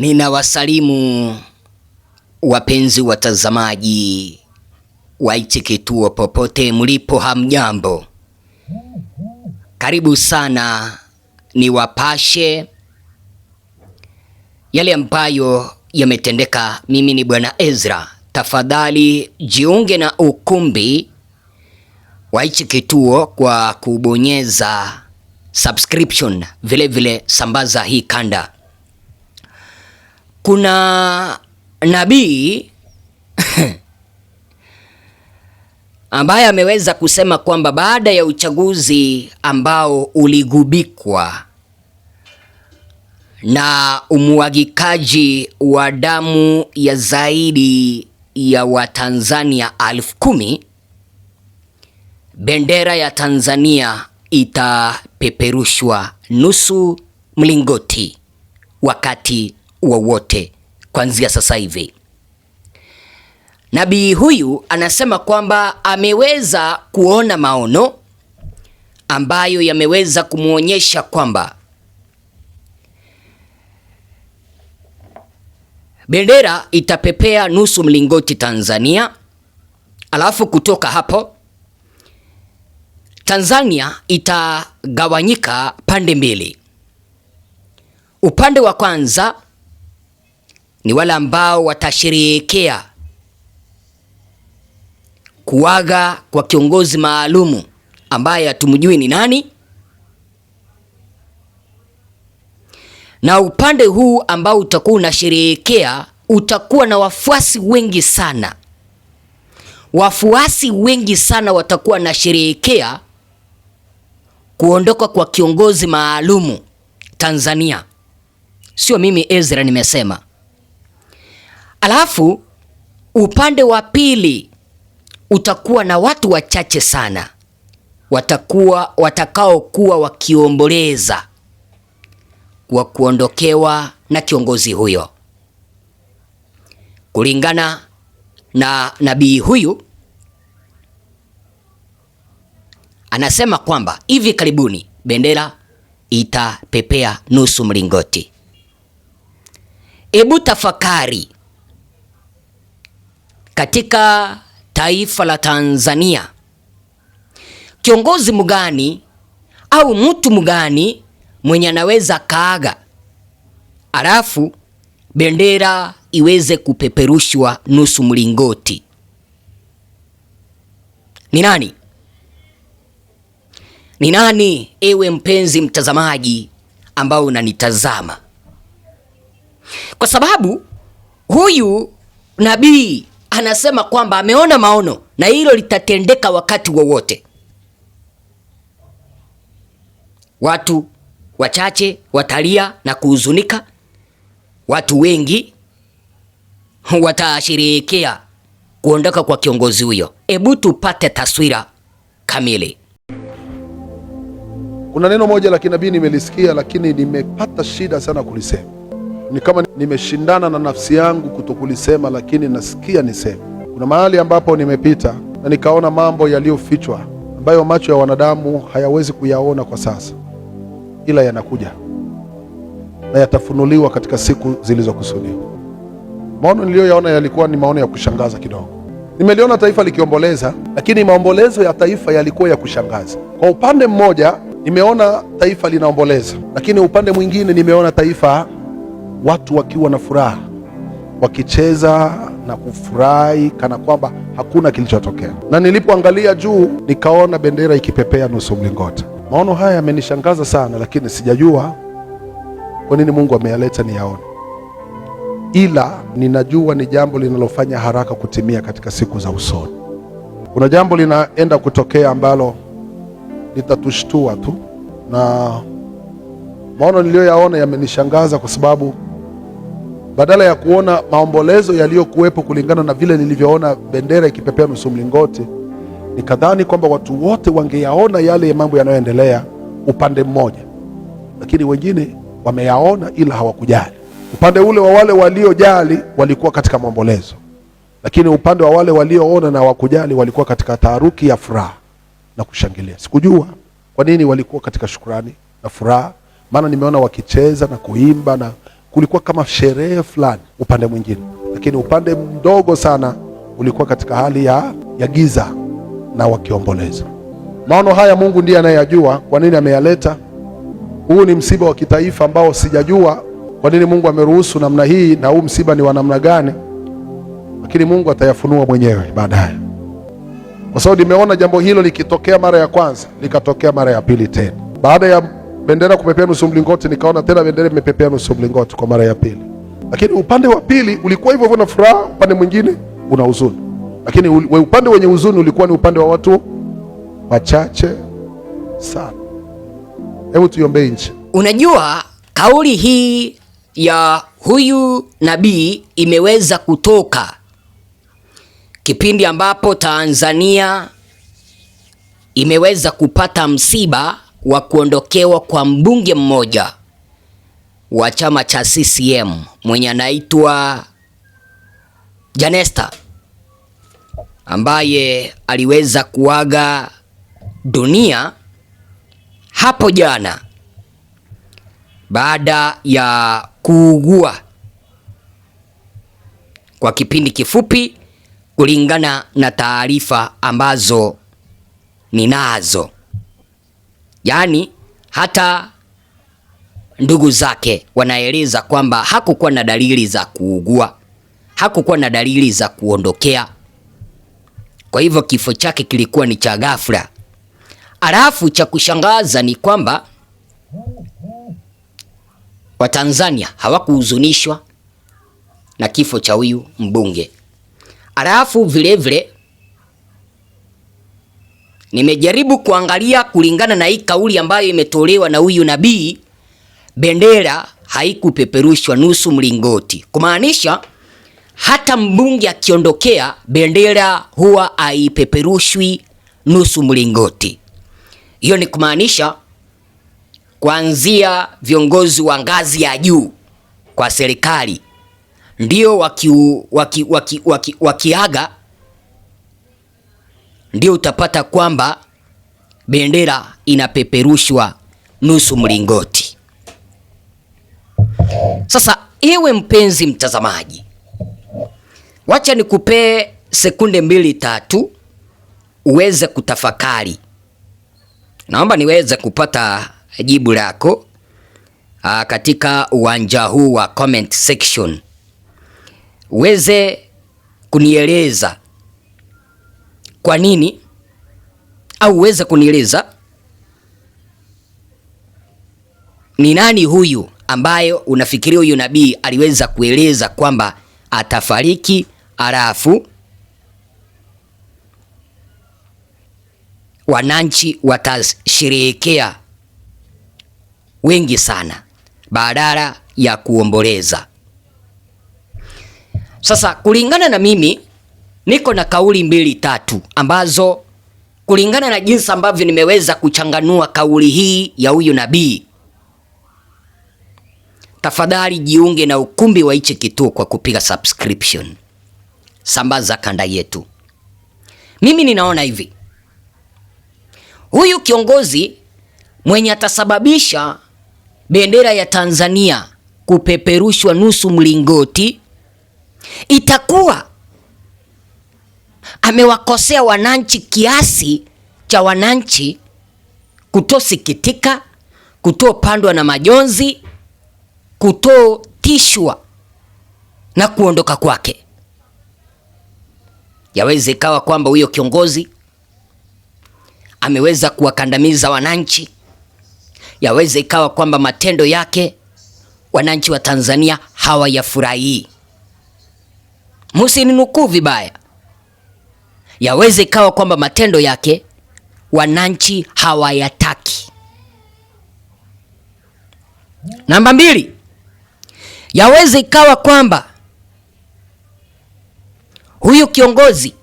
Ninawasalimu wapenzi watazamaji wa hichi kituo popote mlipo, hamjambo? Karibu sana niwapashe yale ambayo yametendeka. Mimi ni Bwana Ezra. Tafadhali jiunge na ukumbi wa hichi kituo kwa kubonyeza subscription, vilevile vile sambaza hii kanda kuna nabii ambaye ameweza kusema kwamba baada ya uchaguzi ambao uligubikwa na umwagikaji wa damu ya zaidi ya Watanzania elfu kumi, bendera ya Tanzania itapeperushwa nusu mlingoti wakati wowote kuanzia sasa hivi. Nabii huyu anasema kwamba ameweza kuona maono ambayo yameweza kumwonyesha kwamba bendera itapepea nusu mlingoti Tanzania, alafu kutoka hapo Tanzania itagawanyika pande mbili. Upande wa kwanza ni wale ambao watasherehekea kuaga kwa kiongozi maalumu ambaye hatumjui ni nani, na upande huu ambao utakuwa unasherehekea utakuwa na wafuasi wengi sana. Wafuasi wengi sana watakuwa nasherehekea kuondoka kwa kiongozi maalumu Tanzania. Sio mimi Ezra nimesema. Alafu upande wa pili utakuwa na watu wachache sana watakuwa watakaokuwa wakiomboleza kwa kuondokewa na kiongozi huyo. Kulingana na nabii huyu, anasema kwamba hivi karibuni bendera itapepea nusu mlingoti. Ebu tafakari katika taifa la Tanzania, kiongozi mgani au mtu mgani mwenye anaweza kaaga alafu bendera iweze kupeperushwa nusu mlingoti? Ni nani? Ni nani, ewe mpenzi mtazamaji ambao unanitazama? Kwa sababu huyu nabii anasema kwamba ameona maono na hilo litatendeka wakati wowote. Watu wachache watalia na kuhuzunika, watu wengi watasherehekea kuondoka kwa kiongozi huyo. Hebu tupate taswira kamili. Kuna neno moja la kinabii nimelisikia, lakini nimepata shida sana kulisema ni kama nimeshindana na nafsi yangu kutokulisema, lakini nasikia niseme. Kuna mahali ambapo nimepita na nikaona mambo yaliyofichwa ambayo macho ya wanadamu hayawezi kuyaona kwa sasa, ila yanakuja na yatafunuliwa katika siku zilizokusudiwa. Maono niliyoyaona yalikuwa ni maono ya kushangaza kidogo. Nimeliona taifa likiomboleza, lakini maombolezo ya taifa yalikuwa ya kushangaza. Kwa upande mmoja nimeona taifa linaomboleza, lakini upande mwingine nimeona taifa watu wakiwa na furaha, wakicheza na kufurahi kana kwamba hakuna kilichotokea. Na nilipoangalia juu, nikaona bendera ikipepea nusu mlingoti. Maono haya yamenishangaza sana, lakini sijajua kwa nini Mungu ameyaleta niyaone, ila ninajua ni jambo linalofanya haraka kutimia katika siku za usoni. Kuna jambo linaenda kutokea ambalo litatushtua tu, na maono niliyoyaona yamenishangaza kwa sababu badala ya kuona maombolezo yaliyokuwepo kulingana na vile nilivyoona bendera ikipepea nusu mlingoti, nikadhani kwamba watu wote wangeyaona yale mambo yanayoendelea upande mmoja, lakini wengine wameyaona ila hawakujali. Upande ule wa wale waliojali walikuwa katika maombolezo, lakini upande wa wale walioona na hawakujali walikuwa katika taharuki ya furaha na kushangilia. Sikujua kwa nini walikuwa katika shukrani na furaha, maana nimeona wakicheza na kuimba na kulikuwa kama sherehe fulani upande mwingine, lakini upande mdogo sana ulikuwa katika hali ya, ya giza na wakiomboleza. Maono haya Mungu ndiye anayeyajua kwa nini ameyaleta. Huu ni msiba wa kitaifa ambao sijajua kwa nini Mungu ameruhusu namna hii na huu msiba ni wa namna gani, lakini Mungu atayafunua mwenyewe baadaye, kwa sababu nimeona jambo hilo likitokea mara ya kwanza likatokea mara ya pili tena baada ya bendera kupepea nusu mlingoti, nikaona tena bendera imepepea nusu mlingoti kwa mara ya pili. Lakini upande wa pili ulikuwa hivyo hivyo na furaha, upande mwingine una huzuni. Lakini upande wenye huzuni ulikuwa ni upande wa watu wachache sana. Hebu tuiombe nchi. Unajua, kauli hii ya huyu nabii imeweza kutoka kipindi ambapo Tanzania imeweza kupata msiba wa kuondokewa kwa mbunge mmoja wa chama cha CCM mwenye anaitwa Janesta ambaye aliweza kuaga dunia hapo jana baada ya kuugua kwa kipindi kifupi kulingana na taarifa ambazo ninazo. Yaani hata ndugu zake wanaeleza kwamba hakukuwa na dalili za kuugua, hakukuwa na dalili za kuondokea. Kwa hivyo kifo chake kilikuwa ni cha ghafla. Alafu cha kushangaza ni kwamba Watanzania hawakuhuzunishwa na kifo cha huyu mbunge. Alafu vilevile Nimejaribu kuangalia kulingana na hii kauli ambayo imetolewa na huyu nabii, bendera haikupeperushwa nusu mlingoti, kumaanisha hata mbunge akiondokea bendera huwa haipeperushwi nusu mlingoti. Hiyo ni kumaanisha kuanzia viongozi wa ngazi ya juu kwa serikali ndio wakiaga waki, waki, waki, waki ndio utapata kwamba bendera inapeperushwa nusu mlingoti. Sasa ewe mpenzi mtazamaji, wacha nikupee sekunde mbili tatu uweze kutafakari. Naomba niweze kupata jibu lako ah, katika uwanja huu wa comment section, uweze kunieleza kwa nini au uweze kunieleza ni nani huyu ambayo unafikiria huyu nabii aliweza kueleza kwamba atafariki halafu wananchi watasherehekea wengi sana badala ya kuomboleza. Sasa kulingana na mimi niko na kauli mbili tatu ambazo kulingana na jinsi ambavyo nimeweza kuchanganua kauli hii ya huyu nabii, tafadhali jiunge na ukumbi wa hichi kituo kwa kupiga subscription, sambaza kanda yetu. Mimi ninaona hivi, huyu kiongozi mwenye atasababisha bendera ya Tanzania kupeperushwa nusu mlingoti itakuwa amewakosea wananchi kiasi cha wananchi kutosikitika, kutopandwa na majonzi, kutotishwa na kuondoka kwake. Yaweza ikawa kwamba huyo kiongozi ameweza kuwakandamiza wananchi. Yaweza ikawa kwamba matendo yake wananchi wa Tanzania hawayafurahii. nukuu vibaya yaweze ikawa kwamba matendo yake wananchi hawayataki. Namba mbili, yaweze ikawa kwamba huyu kiongozi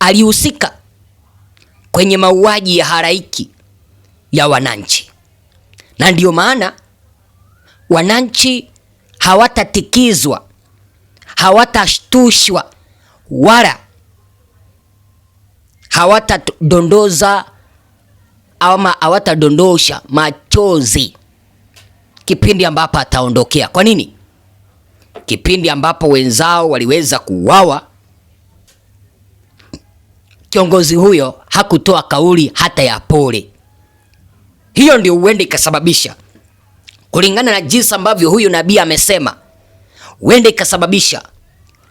alihusika kwenye mauaji ya haraiki ya wananchi, na ndiyo maana wananchi hawatatikizwa, hawatashtushwa wala hawatadondoza ama hawatadondosha machozi kipindi ambapo ataondokea. Kwa nini? Kipindi ambapo wenzao waliweza kuuawa, kiongozi huyo hakutoa kauli hata ya pole. Hiyo ndio huenda ikasababisha, kulingana na jinsi ambavyo huyu nabii amesema, huenda ikasababisha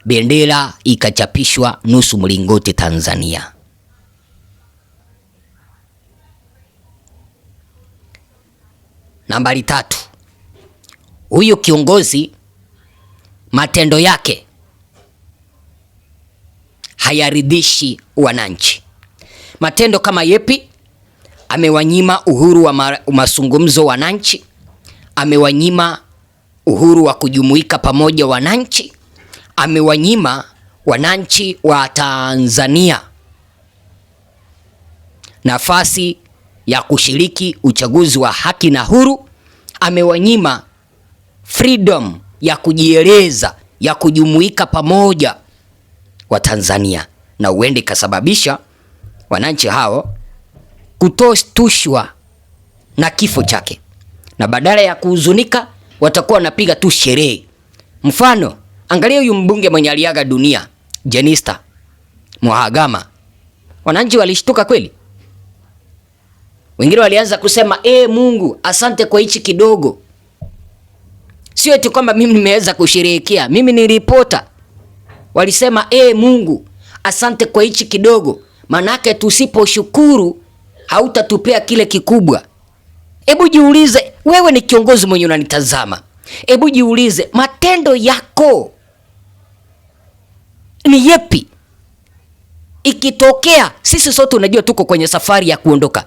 bendera ikachapishwa nusu mlingoti Tanzania. Nambari tatu, huyu kiongozi matendo yake hayaridhishi wananchi. Matendo kama yepi? Amewanyima uhuru wa mazungumzo wananchi, amewanyima uhuru wa kujumuika pamoja wananchi, amewanyima wananchi wa Tanzania nafasi ya kushiriki uchaguzi wa haki na huru, amewanyima freedom ya kujieleza, ya kujumuika pamoja wa Tanzania, na uende ikasababisha wananchi hao kutoshtushwa na kifo chake, na badala ya kuhuzunika watakuwa wanapiga tu sherehe. Mfano, angalia huyu mbunge mwenye aliaga dunia Jenista Mwahagama, wananchi walishtuka kweli? Wengine walianza kusema e, Mungu asante kwa hichi kidogo. Sio eti kwamba mimi nimeweza kusherehekea, mimi ni ripota. Walisema e, Mungu asante kwa hichi kidogo, manake tusiposhukuru hautatupea kile kikubwa. Hebu jiulize wewe, ni kiongozi mwenye unanitazama, hebu jiulize matendo yako ni yepi? Ikitokea sisi sote, unajua tuko kwenye safari ya kuondoka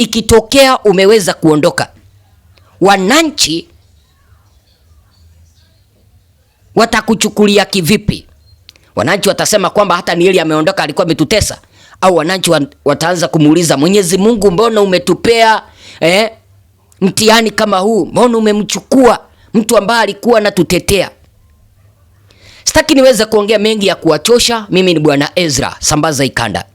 ikitokea umeweza kuondoka, wananchi watakuchukulia kivipi? Wananchi watasema kwamba hata ni ameondoka, alikuwa ametutesa? Au wananchi wataanza kumuuliza Mwenyezi Mungu, mbona umetupea eh, mtihani kama huu? Mbona umemchukua mtu ambaye alikuwa anatutetea? Sitaki niweze kuongea mengi ya kuwachosha. Mimi ni Bwana Ezra, sambaza ikanda.